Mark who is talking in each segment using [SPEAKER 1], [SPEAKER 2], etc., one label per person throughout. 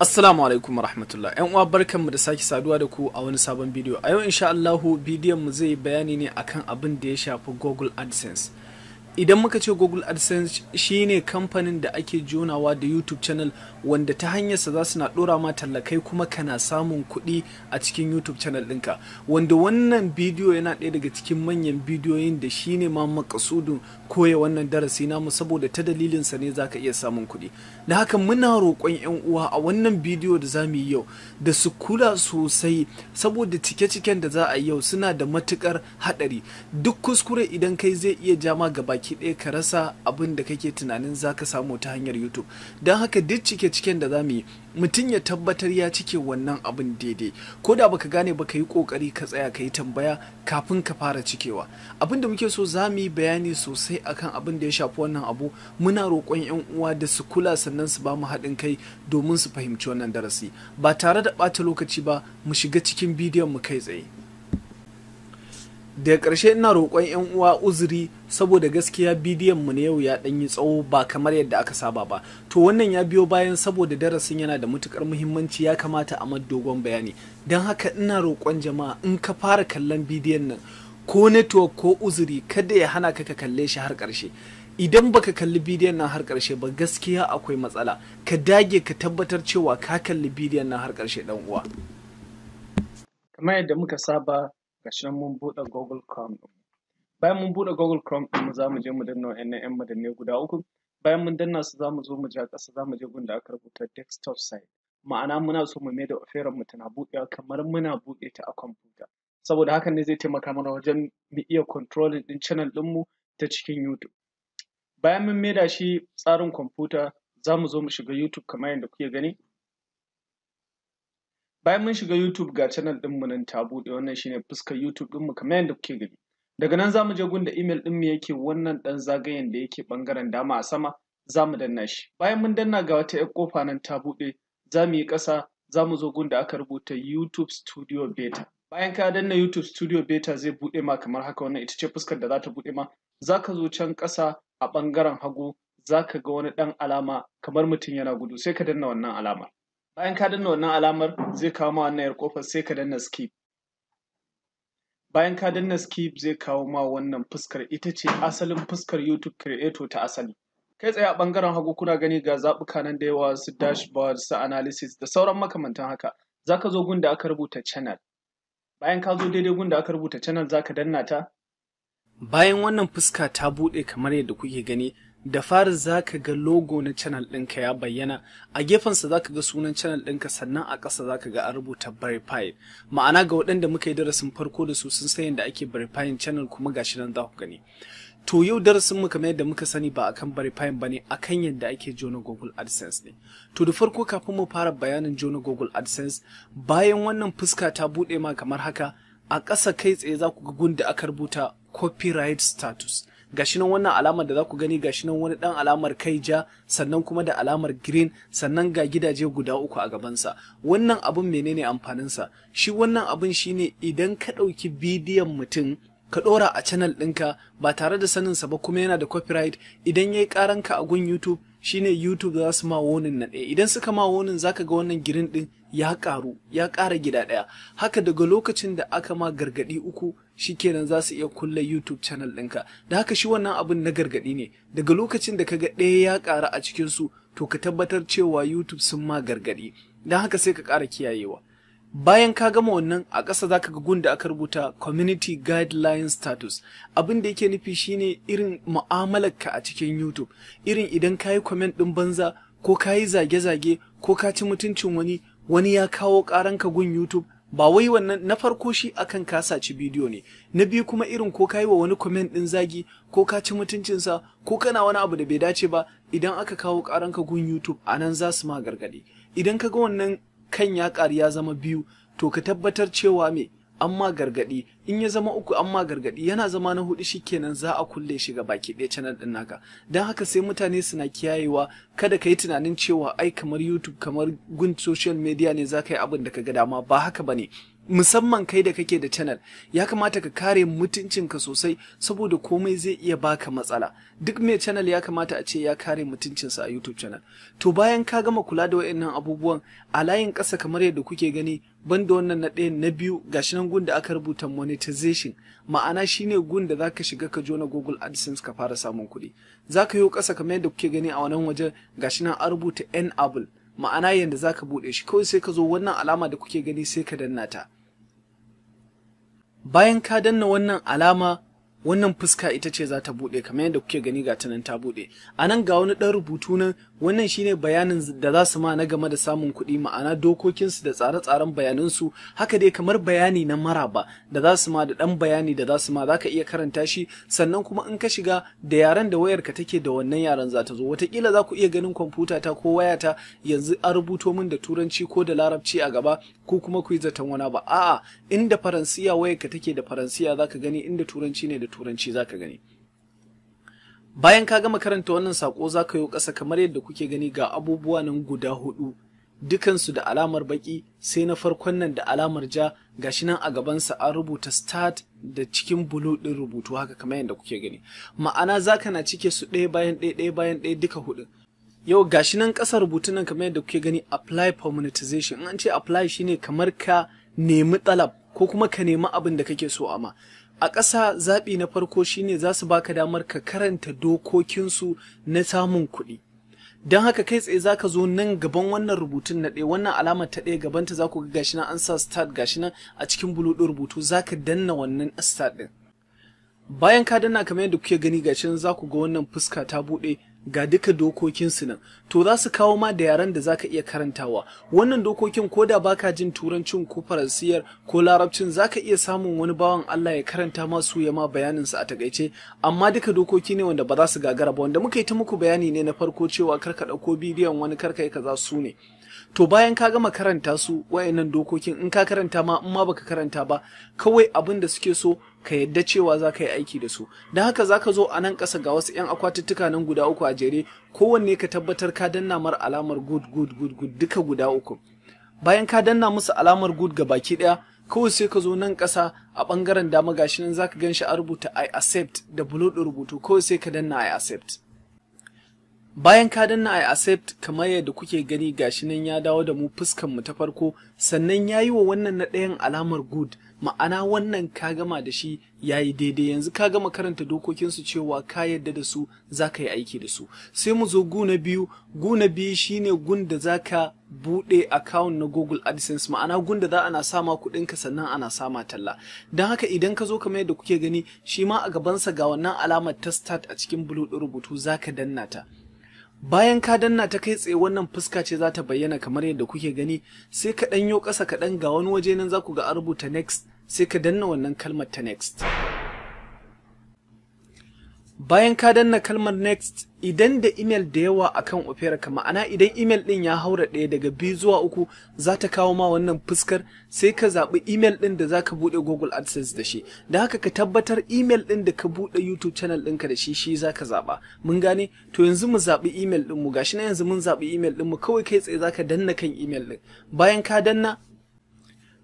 [SPEAKER 1] Assalamu alaikum wa rahmatullah. Yan uwa barkanmu da sake saduwa da ku a wani sabon bidiyo. A yau insha Allahu bidiyon mu zai bayani ne akan abin da ya shafi Google AdSense. idan muka ce google adsense shine kamfanin da ake jonawa da youtube channel wanda ta hanyarsa za su na dora ma tallakai kuma kana samun kuɗi a cikin youtube channel ɗinka wanda wannan bidiyo yana ɗaya daga cikin manyan bidiyoyin da shine ma makasudin koya wannan darasi namu saboda ta dalilinsa ne zaka iya samun kuɗi da haka muna roƙon 'yan uwa a wannan bidiyo da za mu yi yau da su kula sosai saboda cike-ciken da za a yi yau suna da matukar haɗari duk kuskure idan kai zai iya jama gaba baki ɗaya ka rasa abin da kake tunanin za ka samu ta hanyar youtube don haka duk cike-ciken da za mu yi mutum ya tabbatar ya cike wannan abin daidai ko da baka gane baka yi kokari ka tsaya ka yi tambaya kafin ka fara cikewa abin da muke so za mu yi bayani sosai akan abin da ya shafi wannan abu muna roƙon yan uwa da su kula sannan su ba mu haɗin kai domin su fahimci wannan darasi ba tare da ɓata lokaci ba mu shiga cikin bidiyon mu kai tsaye da ƙarshe ina roƙon 'yan uwa uzuri saboda gaskiya bidiyon mu na yau ya ɗan tsawo ba kamar yadda aka saba ba to wannan ya biyo bayan saboda darasin yana da matukar muhimmanci ya kamata a dogon bayani don haka ina roƙon jama'a in ka fara kallon bidiyon nan ko network ko uzuri kada ya hana ka ka kalle shi har ƙarshe idan baka kalli bidiyon nan har karshe ba gaskiya akwai matsala ka dage ka tabbatar cewa ka kalli bidiyon nan har karshe dan uwa kamar yadda muka saba gashi nan mun buɗe google chrome ɗin bayan mun buɗe google chrome ɗin mu zamu je mu danna wa'annan ƴan madannai guda uku bayan mun danna su zamu zo mu ja ƙasa zamu je gunda aka rubuta desktop site ma'ana muna so mu maida operan mu tana buɗewa kamar muna buɗe ta a kwamfuta saboda hakan ne zai taimaka mana wajen mu iya controlling ɗin channel ɗin mu ta cikin YouTube bayan mun maida shi tsarin kwamfuta zamu zo mu shiga YouTube kamar yadda kuke gani bayan mun shiga YouTube ga channel ɗinmu nan ta buɗe wannan shine fuskar YouTube mu kamar yadda kuke gani. Daga nan za mu je gun da email mu yake wannan dan zagayen da yake ɓangaren dama a sama zamu danna shi. Bayan mun danna ga wata 'yar ƙofa nan ta buɗe za mu yi ƙasa za zo gun da aka rubuta YouTube Studio Beta. Bayan ka danna YouTube Studio Beta zai buɗe ma kamar haka wannan ita ce fuskar da za ta buɗe ma. Za ka zo can ƙasa a ɓangaren hagu za ka ga wani ɗan alama kamar mutum yana gudu sai ka danna wannan alamar. bayan ka danna wannan alamar zai kawo ma wannan yar kofar sai ka danna skip bayan ka danna skip zai kawo ma wannan fuskar ita ce asalin fuskar youtube creator ta asali kai tsaye a bangaren hagu kuna gani ga zaɓuka nan da yawa su dashboard su analysis da sauran makamantan haka zaka zo gun da aka rubuta channel bayan ka zo daidai gun da aka rubuta channel zaka danna ta bayan wannan fuska ta buɗe kamar yadda kuke gani da fari za ka ga logo na channel ɗinka ya bayyana a gefensa za ka ga sunan channel ɗinka sannan a ƙasa za ka ga a rubuta verify ma'ana ga waɗanda muka yi darasin farko da su sun san yadda ake verifying channel kuma gashi nan za ku gani to yau darasin mu kamar yadda muka sani ba akan verifying bane akan yadda ake jona Google AdSense ne to da farko kafin mu fara bayanin jona Google AdSense bayan wannan fuska ta bude ma kamar haka a ƙasa kai tsaye za ku ga da aka rubuta copyright status gashi nan wannan alamar da za ku gani gashi nan wani dan alamar kai ja sannan kuma da alamar green sannan ga gidaje guda uku a gabansa wannan abun menene amfaninsa shi wannan abun shine idan ka ɗauki bidiyon mutum ka ɗora a channel ɗinka ba tare da sanin sa ba kuma yana da copyright idan yayi yi ka a gun youtube shine YouTube za su ma wonin na ɗaya idan suka ma wonin zaka ga wannan girin ɗin ya ƙaru ya ƙara gida ɗaya haka daga lokacin da aka ma gargaɗi uku shikenan za su iya kulle YouTube channel ɗinka. Da haka shi wannan abin na gargaɗi ne, daga lokacin da kaga ɗaya ya ƙara a cikinsu to ka tabbatar cewa YouTube sun ma gargaɗi, da haka sai ka ƙara kiyayewa. Bayan ka gama wannan a ƙasa za ka ga gun da aka rubuta Community Guideline Status, abin da yake nufi shine irin ka a cikin YouTube, irin idan ka yi comment ɗin banza ko ka yi zage-zage ko ka ci mutuncin wani, wani ya kawo ƙaranka gun YouTube, ba wai wannan na farko shi akan ka saci bidiyo ne na biyu kuma irin ko ka yi wa wani comment din zagi ko ka ci mutuncinsa ko kana wani abu da bai dace ba idan aka kawo karanka gun YouTube anan nan za su ma gargaɗi idan ka ga wannan kan ya ƙari ya zama biyu to ka tabbatar cewa me amma gargadi in ya zama uku amma gargadi yana zama na hudu shikenan za a kulle shi ga baki ɗaya channel din naka dan haka sai mutane suna kiyayewa kada ka yi tunanin cewa ai kamar YouTube kamar gun social media ne za ka yi abin da ka ga dama ba haka ba ne. musamman kai da kake da channel ya kamata ka kare mutuncinka sosai saboda komai zai iya baka matsala duk mai channel ya kamata a ce ya kare mutuncinsa a YouTube channel to bayan ka gama kula da waɗannan abubuwan a layin ƙasa kamar yadda kuke gani banda wannan na ɗaya na biyu gashi nan gun da aka rubuta monetization ma'ana shine gun da zaka shiga ka jona Google AdSense ka fara samun kuɗi zaka yi ƙasa kamar yadda kuke gani a wannan wajen gashi nan a rubuta enable ma'ana yadda za ka buɗe shi kawai sai ka zo wannan alama da kuke gani sai ka danna ta bayan ka danna wannan alama wannan fuska ita ce za ta buɗe kamar yadda kuke gani ga nan ta buɗe a nan ga wani ɗan rubutu nan wannan shine bayanin da za su ma na game da samun kuɗi ma'ana dokokinsu da tsare-tsaren bayanansu haka dai kamar bayani na maraba da za su ma da ɗan bayani da za su ma za ka iya karanta shi sannan kuma in ka shiga da yaren da wayarka take da wannan yaren za ta zo watakila za ku iya ganin kwamfuta ta ko waya ta yanzu an rubuto min da turanci ko da larabci a gaba ko kuma ku yi zaton wani ba a'a inda faransiya wayarka take da faransiya za ka gani inda turanci ne da turanci za ka gani Bayan ka gama karanta wannan sako za ka yi ƙasa kamar yadda kuke gani ga abubuwa nan guda hudu, dukansu da alamar baƙi sai na farkon nan da alamar ja gashi nan a gabansa an rubuta start da cikin bulu ɗin rubutu haka kamar yadda kuke gani. Ma'ana za ka na cike su ɗaya bayan ɗaya ɗaya bayan ɗaya duka hudu Yau gashi nan ƙasa rubutu nan kamar yadda kuke gani apply for monetization in an ce apply shine kamar ka nemi talab ko kuma ka nemi abin da kake so a ma. a ƙasa zaɓi na farko shine za su baka damar ka karanta dokokinsu na samun kuɗi don haka kai tsaye za ka zo nan gaban wannan rubutun na ɗaya wannan alama ta ɗaya gabanta za ku ga gashi nan an sa start gashi nan a cikin bulu rubutu za ka danna wannan start ɗin bayan ka danna kamar yadda kuke gani gashi nan za ku ga wannan fuska ta buɗe ga duka dokokinsu nan to za su kawo ma da yaren da zaka iya karantawa wannan dokokin ko da baka jin turancin ko faransiyar ko larabcin zaka iya samun wani bawan Allah ya karanta masu ya ma bayanin su a takaice amma duka dokoki ne wanda ba za su gagara ba wanda muka yi ta muku bayani ne na farko cewa karka ɗauko bidiyon wani karka yi kaza su ne to bayan ka gama karanta su wayannan dokokin in ka karanta ma in ma baka karanta ba kawai abin da suke so ka yadda cewa za ka yi aiki da su don haka za ka zo a nan kasa ga wasu 'yan akwatuttuka nan guda uku a jere kowanne ka tabbatar ka danna mar alamar good good good good duka guda uku bayan ka danna musu alamar good ga baki ɗaya kawai sai ka zo nan ƙasa a ɓangaren dama gashi nan za ka gan shi a rubuta i accept da bulo rubutu kawai sai ka danna i accept Bayan ka danna I accept kamar yadda kuke gani gashi nan ya dawo da mu fuskan mu ta farko sannan ya yi wa wannan na ɗayan alamar good ma'ana wannan ka gama da shi ya yi daidai yanzu ka gama karanta dokokinsu cewa ka yadda da su za ka yi aiki da su sai mu zo gu na biyu gu na biyu shine gun da za ka buɗe account na Google AdSense ma'ana gun da za ana sama kuɗinka sannan ana sama talla don haka idan ka zo kamar yadda kuke gani shi ma a gabansa ga wannan alamar ta start a cikin bulu rubutu za ka danna ta bayan ka danna ta kai tsaye wannan fuska ce za ta bayyana kamar yadda kuke gani sai ka ɗanyo ƙasa kaɗan ga wani waje nan za ku ga a rubuta next sai ka danna wannan kalmar ta next bayan ka danna kalmar next idan da email da yawa akan opera ka ma'ana idan email din ya haura ɗaya daga biyu zuwa uku za ta kawo ma wannan fuskar sai ka zaɓi email din da za ka buɗe google adsense da shi da haka ka tabbatar email din da ka buɗe youtube channel ɗinka da shi shi za ka zaɓa mun gane to yanzu mu zaɓi email din mu gashi na yanzu mun zaɓi email din mu kawai kai tsaye za ka danna kan email din bayan ka danna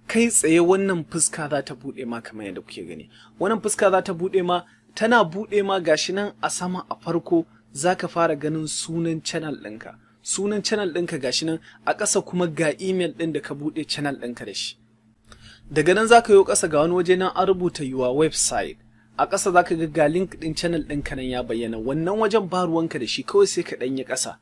[SPEAKER 1] kai tsaye wannan fuska za ta buɗe ma kamar yadda kuke gani wannan fuska za ta buɗe ma tana buɗe ma gashi nan a sama a farko za ka fara ganin sunan channel ɗinka sunan channel ɗinka gashi nan a ƙasa kuma ga email ɗin da ka buɗe channel ɗinka da shi daga nan za ka yi ƙasa ga wani waje nan an rubuta yiwa website a ƙasa za ka ga ga link ɗin channel ɗinka nan ya bayyana wannan wajen ba ruwanka da shi kawai sai ka ɗanyi ƙasa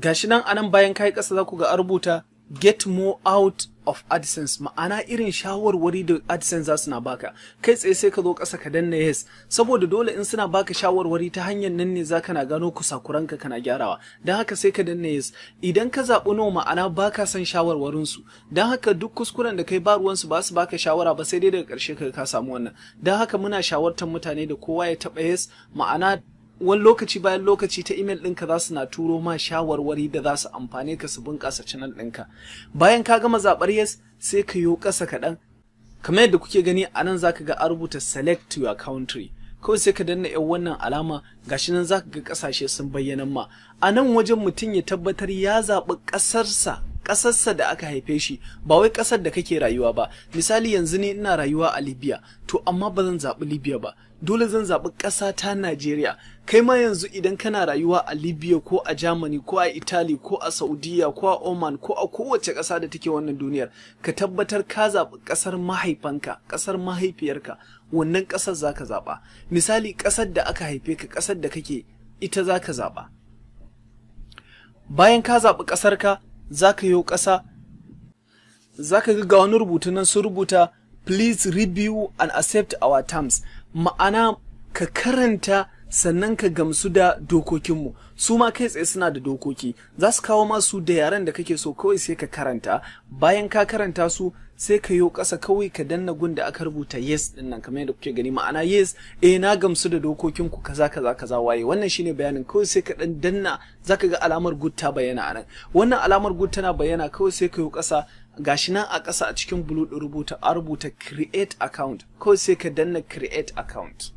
[SPEAKER 1] gashi nan nan bayan yi ƙasa za ku ga an rubuta get more out of AdSense ma'ana irin shawarwari da AdSense za su na baka kai tsaye sai ka zo ƙasa ka danna yes saboda dole in suna baka shawarwari ta hanyar nan ne za ka na gano ka kana gyarawa don haka sai ka danna yes idan ka zaɓi no ma'ana baka son shawarwarin su don haka duk kuskuren da kai ba ruwan su ba su baka shawara ba sai dai daga ƙarshe ka ka samu wannan don haka muna shawartar mutane da kowa ya taɓa yes ma'ana wani lokaci bayan lokaci ta imel ɗinka za su na turo ma shawarwari da za su amfane ka su bunƙasa channel ɗinka bayan ka gama zaɓar yes sai ka yo ƙasa kaɗan kamar yadda kuke gani a nan za ka ga a rubuta select your country kawai sai ka danna yan wannan alama gashi nan za ka ga ƙasashe sun bayyana ma a nan wajen mutum ya tabbatar ya zaɓi ƙasarsa ƙasarsa da aka haife shi ba wai ƙasar da kake rayuwa ba misali yanzu ne ina rayuwa a libya to amma ba zan zaɓi libya ba dole zan zaɓi ƙasa ta najeriya kai ma yanzu idan kana rayuwa a libya ko a germany ko a italy ko a saudiya ko a oman ko a kowace ƙasa da take wannan duniyar ka tabbatar ka zaɓi ƙasar mahaifanka ƙasar mahaifiyarka wannan ƙasar za ka zaɓa misali ƙasar da aka haife ka ƙasar da kake ita za ka zaɓa bayan ka zaɓi ƙasarka za ka yi ƙasa za ka ga wani rubutu nan sun rubuta please review and accept our terms ma'ana ka karanta sannan ka gamsu da dokokinmu su ma kai tsaye suna da dokoki za su kawo masu da yaren da kake so kawai sai ka karanta bayan ka karanta su sai ka yo ƙasa kawai ka danna gun da aka rubuta yes din nan kamar yadda kuke gani ma'ana yes eh na gamsu da dokokinku ku kaza kaza kaza waye wannan shine bayanin kawai sai ka dan danna zaka ga alamar good ta bayyana a nan wannan alamar good tana bayyana kawai sai ka yo ƙasa gashi nan a ƙasa a cikin blue rubuta a rubuta create account kawai sai ka danna create account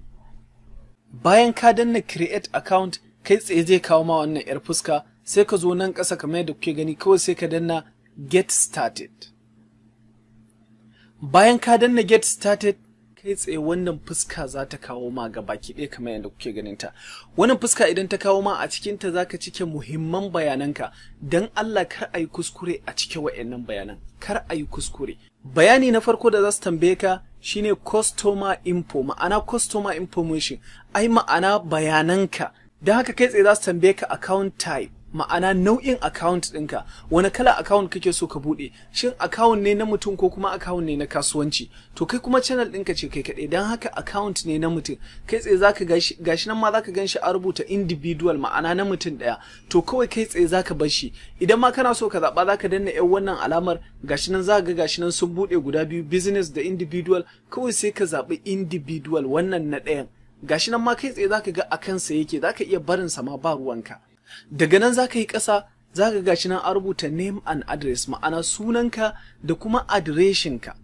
[SPEAKER 1] bayan ka danna create account kai tsaye zai kawo ma wannan yar fuska sai ka zo nan ƙasa kamar yadda kuke gani kawai sai ka danna get started bayan ka danna get started kai tsaye wannan fuska za ta kawo ma ga baki ɗaya kamar yadda kuke ganin ta wannan fuska idan ta kawo ma a cikin ta zaka cike muhimman bayananka dan Allah kar a yi kuskure a cike wa'annan bayanan kar a yi kuskure bayani na farko da za su tambaye ka shine customer info ma'ana customer information ai ma'ana bayananka don haka kai tsaye za su tambaye ka account type ma'ana nau'in account ɗinka wani kala account kake so ka buɗe shin account ne na mutum ko kuma account ne na kasuwanci to kai kuma channel ɗinka ce kai kaɗai don haka account ne na mutum kai tsaye zaka gashi gashi nan ma zaka ganshi a rubuta individual ma'ana na mutum ɗaya to kawai kai tsaye zaka bar shi idan ma kana so ka zaɓa zaka danna yan wannan alamar gashi nan zaka ga gashi nan sun buɗe guda biyu business da individual kawai sai ka zaɓi individual wannan na ɗayan gashi nan ma kai tsaye zaka ga a kansa yake zaka iya barinsa ma ba ruwanka daga nan za ka yi ƙasa za ka shi nan a rubuta name and address ma'ana sunanka da kuma adireshinka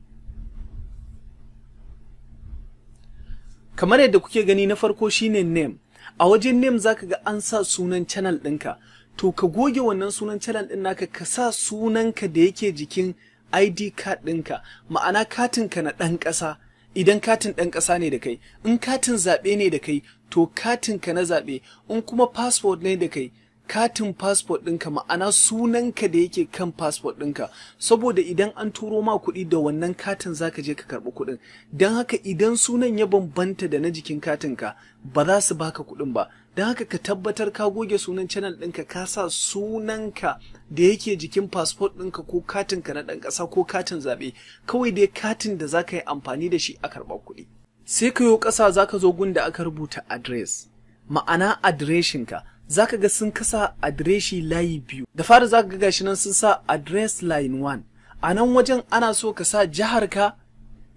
[SPEAKER 1] kamar yadda kuke gani na farko shine name a wajen name za ka ga an sa sunan channel ɗinka to ka goge wannan sunan channel ɗin naka ka sa sunanka da yake jikin id card ɗinka ma'ana katinka na ɗan ƙasa idan katin ɗan ƙasa ne da kai in katin zaɓe ne da kai to katinka na zaɓe in kuma passport ne da kai katin passport ɗinka ma'ana sunanka da yake kan passport ɗinka saboda idan an turo ma kuɗi da wannan katin zaka je ka karɓi kuɗin don haka idan sunan ya bambanta da na jikin katinka ba za su baka kuɗin ba don haka ka tabbatar ka goge sunan channel ɗinka ka sa sunanka da yake jikin passport ɗinka ko katinka na ɗan ƙasa ko katin zaɓe kawai dai katin da zaka yi amfani da shi a karɓar kuɗi. sai ka yi ƙasa za ka zo gunda aka rubuta adres ma'ana adireshinka za ka ga sun kasa adireshi layi biyu da fara za ka ga gashi nan sun sa adres line wan. a nan wajen ana so ka sa jihar ka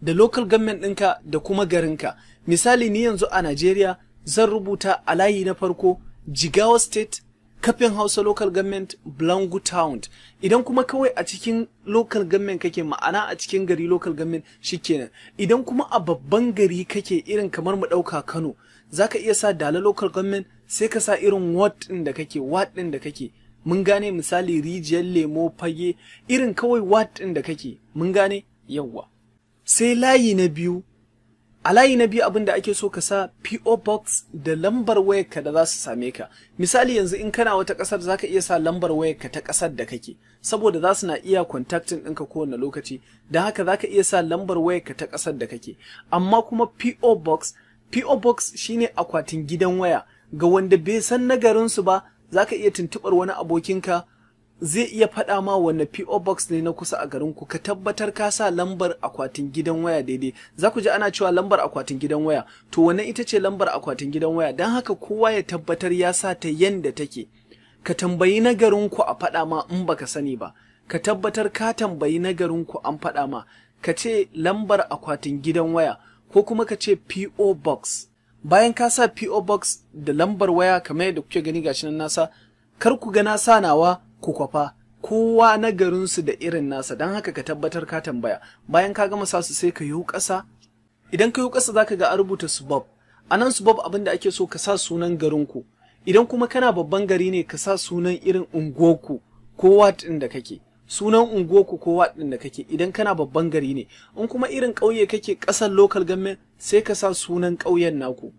[SPEAKER 1] da local government ɗinka da kuma garinka misali ni yanzu a Najeriya zan rubuta a layi na farko Jigawa State kafin hausa local government blangu town idan kuma kawai a cikin local government kake ma'ana a cikin gari local government shikenan idan kuma a babban gari kake irin kamar mu ɗauka kano zaka iya sa dala local government sai ka sa irin ward ɗin da kake ward ɗin da kake mun gane misali rijiyar lemo fage irin kawai ward ɗin da kake mun gane yawwa sai layi na biyu a layi na biyu abin da ake so ka sa PO box da lambar wayar ka da za su same ka misali yanzu in kana wata kasar za ka iya sa lambar wayar ka ta kasar da kake saboda za su na iya contacting ɗinka kowane lokaci don haka za ka iya sa lambar wayar ka ta kasar da kake amma kuma PO box PO box shine akwatin gidan waya ga wanda bai san na garinsu ba za ka iya tuntuɓar wani abokinka zai iya faɗa ma wanne PO box ne na kusa a garinku ka tabbatar ka sa lambar akwatin gidan waya daidai za ku ji ana cewa lambar akwatin gidan waya to wanne ita ce lambar akwatin gidan waya don haka kowa ya tabbatar ya sa ta yanda take ka tambayi na ku a faɗa ma in baka sani ba ka tabbatar ka tambayi na ku an faɗa ma ka ce lambar akwatin gidan waya ko kuma ka ce PO box bayan ka sa PO box da lambar waya kamar yadda kuke gani gashi nan nasa kar ku ga na sa nawa ku kwafa kowa na garinsu da irin nasa don haka ka tabbatar ka tambaya bayan ka gama sasu sai ka yiwu ƙasa idan ka yiwu ƙasa za ka ga a rubuta subab a nan subab abin da ake so ka sa sunan garinku idan kuma kana babban gari ne ka sa sunan irin unguwarku ko wat ɗin da kake sunan unguwarku ko wat ɗin da kake idan kana babban gari ne in kuma irin ƙauye kake ƙasar local government sai ka sa sunan ƙauyen naku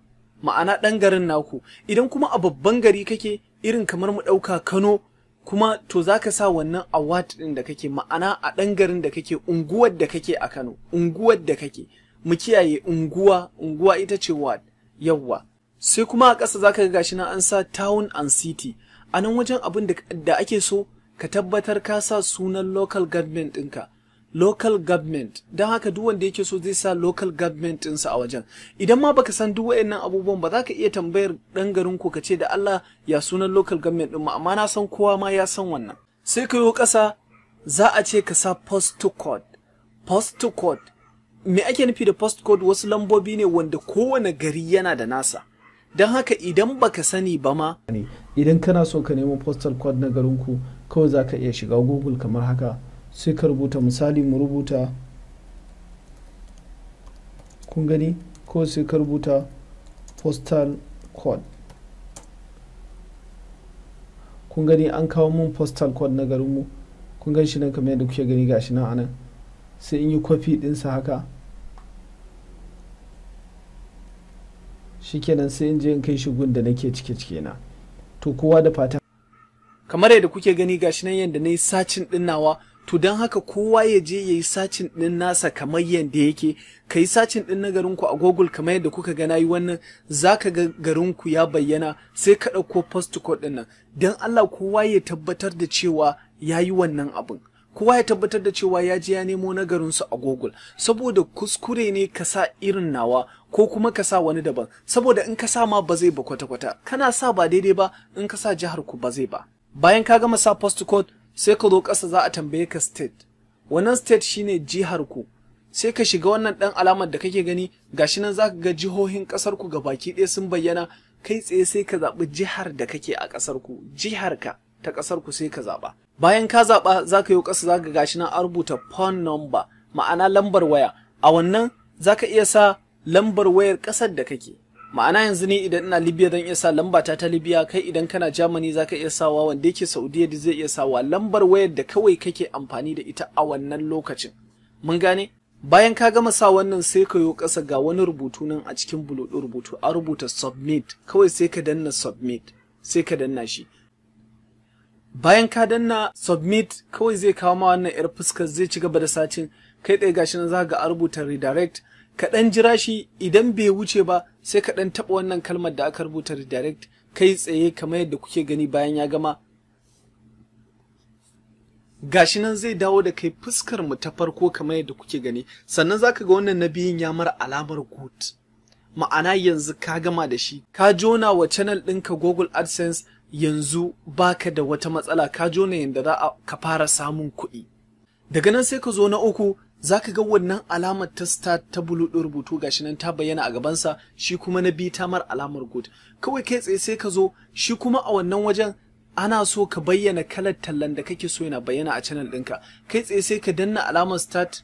[SPEAKER 1] ma'ana ɗan garin naku idan kuma a babban gari kake irin kamar mu ɗauka kano kuma to za ka sa wannan award ɗin da kake ma'ana a ɗan garin da kake unguwar da kake a Kano unguwar da kake mu kiyaye unguwa unguwa ita ce ward yawwa sai kuma a ƙasa za ka ga gashi na an sa town and city a nan wajen abin da ake so ka tabbatar ka sa sunan local government ɗinka local government don haka duk wanda yake so zai sa local government ɗinsa a wajen idan ma baka san duk wayannan abubuwan ba za ka iya tambayar ɗan garin ku ka ce da Allah ya sunan local government ɗin amma na san kowa ma ya san wannan sai ka yi ƙasa za a ce ka sa postcode postcode me ake nufi da postcode wasu lambobi ne wanda kowane gari yana da nasa don haka idan baka sani ba ma idan kana so ka nemo postal code na garin ku kawai za ka iya shiga google kamar haka sai ka rubuta misali mu rubuta kun gani ko sai ka rubuta postal code kun gani an kawo mun postal code na garinmu kun gan shi nan kamar yadda kuke gani gashi nan anan sai in yi kwafi ɗinsa haka shikenan sai in je in kai shi gun da nake cike cike na to kowa da fatan kamar yadda kuke gani gashi nan yadda na yi sacin dinnawa to don haka kowa ya je ya yi sacin ɗin nasa kamar yadda yake ka yi sacin ɗin na garinku a google kamar yadda kuka gana yi wannan za ka ga garinku ya bayyana sai ka ɗauko post code ɗin nan don allah kowa ya tabbatar da cewa ya yi wannan abin kowa ya tabbatar da cewa ya je ya nemo na garinsu a google saboda kuskure ne ka sa irin nawa ko kuma ka sa wani daban saboda in ka sa ma ba zai ba kwata-kwata kana sa ba daidai ba in ka sa jihar ku ba zai ba bayan ka gama sa post code sai ka zo ƙasa za a tambaye ka state wannan state shine jihar ku sai ka shiga wannan ɗan alamar da kake gani gashi nan ka ga jihohin ƙasar ku ga baki ɗaya sun bayyana kai tsaye sai ka zaɓi jihar da kake a ƙasar ku jihar ka ta ƙasar ku sai ka zaɓa bayan ka zaɓa za ka yi ƙasa za ka gashi nan a rubuta phone number ma'ana lambar waya a wannan za ka iya sa lambar wayar ƙasar da kake ma'ana yanzu ne idan ina libya zan iya sa lamba ta ta libya kai idan kana germany zaka iya sawa wanda yake saudiya da zai iya sawa lambar wayar da kawai kake amfani da ita a wannan lokacin mun gane bayan ka gama sa wannan sai ka yo ƙasa ga wani rubutu nan a cikin bulo rubutu a rubuta submit kawai sai ka danna submit sai ka danna shi bayan ka danna submit kawai zai kawo ma wannan yar fuskar zai ci gaba da sacin kai tsaye gashi nan za ga a rubuta redirect Kaɗan jira shi idan bai wuce ba sai kaɗan taɓa wannan kalmar da aka rubuta redirect kai tsaye kamar yadda kuke gani bayan ya gama gashi nan zai dawo da kai fuskar mu ta farko kamar yadda kuke gani sannan zaka ga wannan na biyun ya mara alamar good ma'ana yanzu ka gama da shi ka jona wa channel ɗinka google adsense yanzu baka da wata matsala ka jona yanda za ka fara samun kuɗi daga nan sai ka zo na uku za ka ga wannan alamar ta start ta bulu ɗin rubutu shi nan ta bayyana a gabansa shi kuma na biyu ta mar alamar good kawai kai tsaye sai ka zo shi kuma a wannan wajen ana so ka bayyana kalar tallan da kake so yana bayyana a channel ɗinka kai tsaye sai ka danna alamar start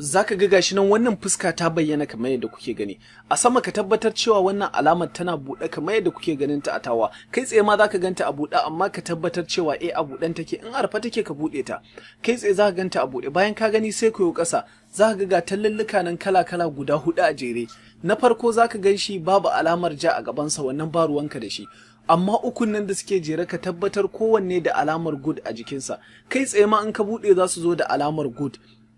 [SPEAKER 1] za ka ga gashi nan wannan fuska ta bayyana kamar yadda kuke gani a sama ka tabbatar cewa wannan alamar tana buɗe kamar yadda kuke ganin ta a tawa kai tsaye ma za ka ganta a buɗe amma ka tabbatar cewa eh a buɗen take in arfa take ka buɗe ta kai tsaye za ka ganta a buɗe bayan ka gani sai ku yi ƙasa za ka ga tallallika nan kala kala guda huɗu a jere na farko za ka gan shi babu alamar ja a gabansa wannan ba ruwanka da shi amma ukun nan da suke jere ka tabbatar kowanne da alamar good a jikinsa kai tsaye ma in ka buɗe za su zo da alamar good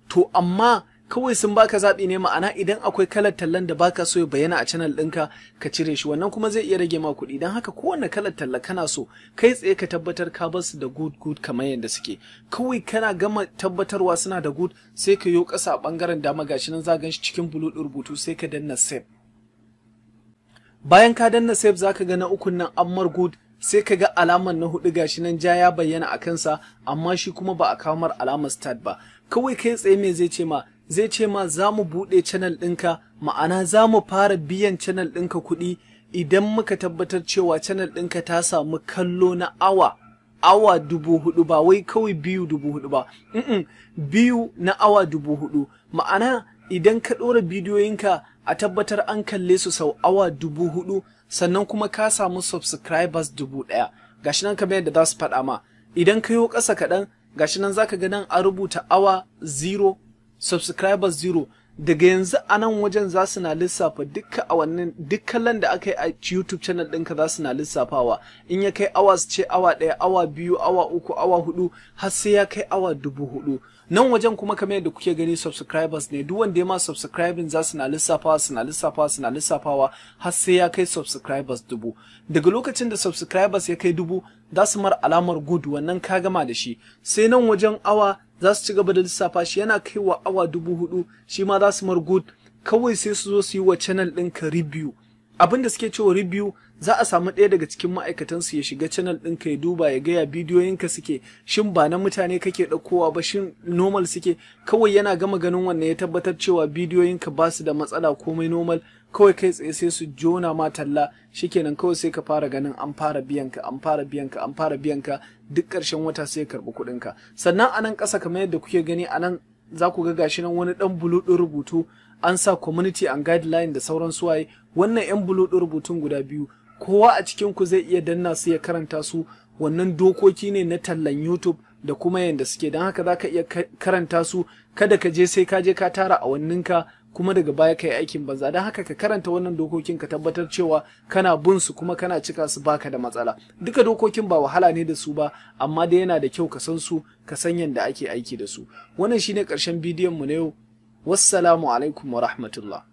[SPEAKER 1] to amma kawai sun baka zaɓi ne ma'ana idan akwai kalar tallan da baka so ya bayyana a channel ɗinka ka cire shi wannan kuma zai iya rage ma kuɗi don haka kowane kalar talla kana so kai tsaye ka tabbatar ka bar su da good good kamar yadda suke kawai kana gama tabbatarwa suna da good sai ka yo ƙasa a ɓangaren dama gashi nan za gan shi cikin bulu rubutu sai ka danna save bayan ka danna save za ka ga na ukun nan ammar good sai ka ga alamar na hudu gashi nan ja ya bayyana a kansa amma shi kuma ba a kawo mar alamar start ba kawai kai tsaye me zai ce ma zai ce ma za mu buɗe channel ɗinka ma'ana za mu fara biyan channel ɗinka kuɗi idan muka tabbatar cewa channel ɗinka ta samu kallo na awa awa dubu hudu ba wai kawai biyu dubu hudu ba mm biyu na awa dubu hudu ma'ana idan ka ɗora bidiyoyinka a tabbatar an kalle su sau awa dubu hudu sannan kuma ka samu subscribers dubu ɗaya gashi nan kamar yadda za su faɗa ma idan ka yo ƙasa kaɗan gashi nan za ka ga nan a rubuta awa zero subscribers zero daga yanzu a nan wajen za su na lissafa dukkan awannin dukkan da aka yi a YouTube channel ɗinka za su na lissafawa in ya kai hours ce awa ɗaya awa biyu awa uku awa hudu har sai ya kai awa dubu hudu nan wajen kuma kamar yadda kuke gani subscribers ne duk wanda ya ma subscribing za su na lissafawa su na lissafawa su na lissafawa har sai ya kai subscribers dubu daga lokacin da subscribers ya kai dubu za su mar alamar good wannan ka gama da shi sai nan wajen awa za su ci gaba da lissafa shi yana kaiwa awa dubu hudu shi ma za su margud kawai sai su zo su yi wa channel ɗinka review abin da suke cewa review za a samu ɗaya daga cikin ma'aikatansu ya shiga channel ka ya duba ya gaya bidiyoyinka suke shin ba na mutane kake ɗaukowa ba shin normal suke kawai yana gama ganin wannan ya tabbatar cewa bidiyoyinka ba su da matsala komai normal kawai kai tsaye sai su jona ma talla shikenan kawai sai ka fara ganin an fara biyanka an fara biyanka an fara biyanka duk ƙarshen wata sai ka karɓi ka sannan a nan ƙasa kamar yadda kuke gani a nan za ku ga gashi nan wani ɗan bulu ɗin rubutu an sa community and guideline da sauran suwaye wannan yan bulodin rubutun guda biyu kowa a cikin ku zai iya danna su ya karanta su wannan dokoki ne na tallan youtube da kuma yadda suke don haka za ka iya karanta su kada ka je sai ka je ka tara a wanninka kuma daga baya ka yi aikin banza don haka ka karanta wannan dokokin ka tabbatar cewa kana bin su kuma kana cika su baka da matsala duka dokokin ba wahala ne da su ba amma dai yana da kyau ka san su ka san yadda ake aiki da su wannan shine karshen bidiyon mu na yau والسلام عليكم ورحمة الله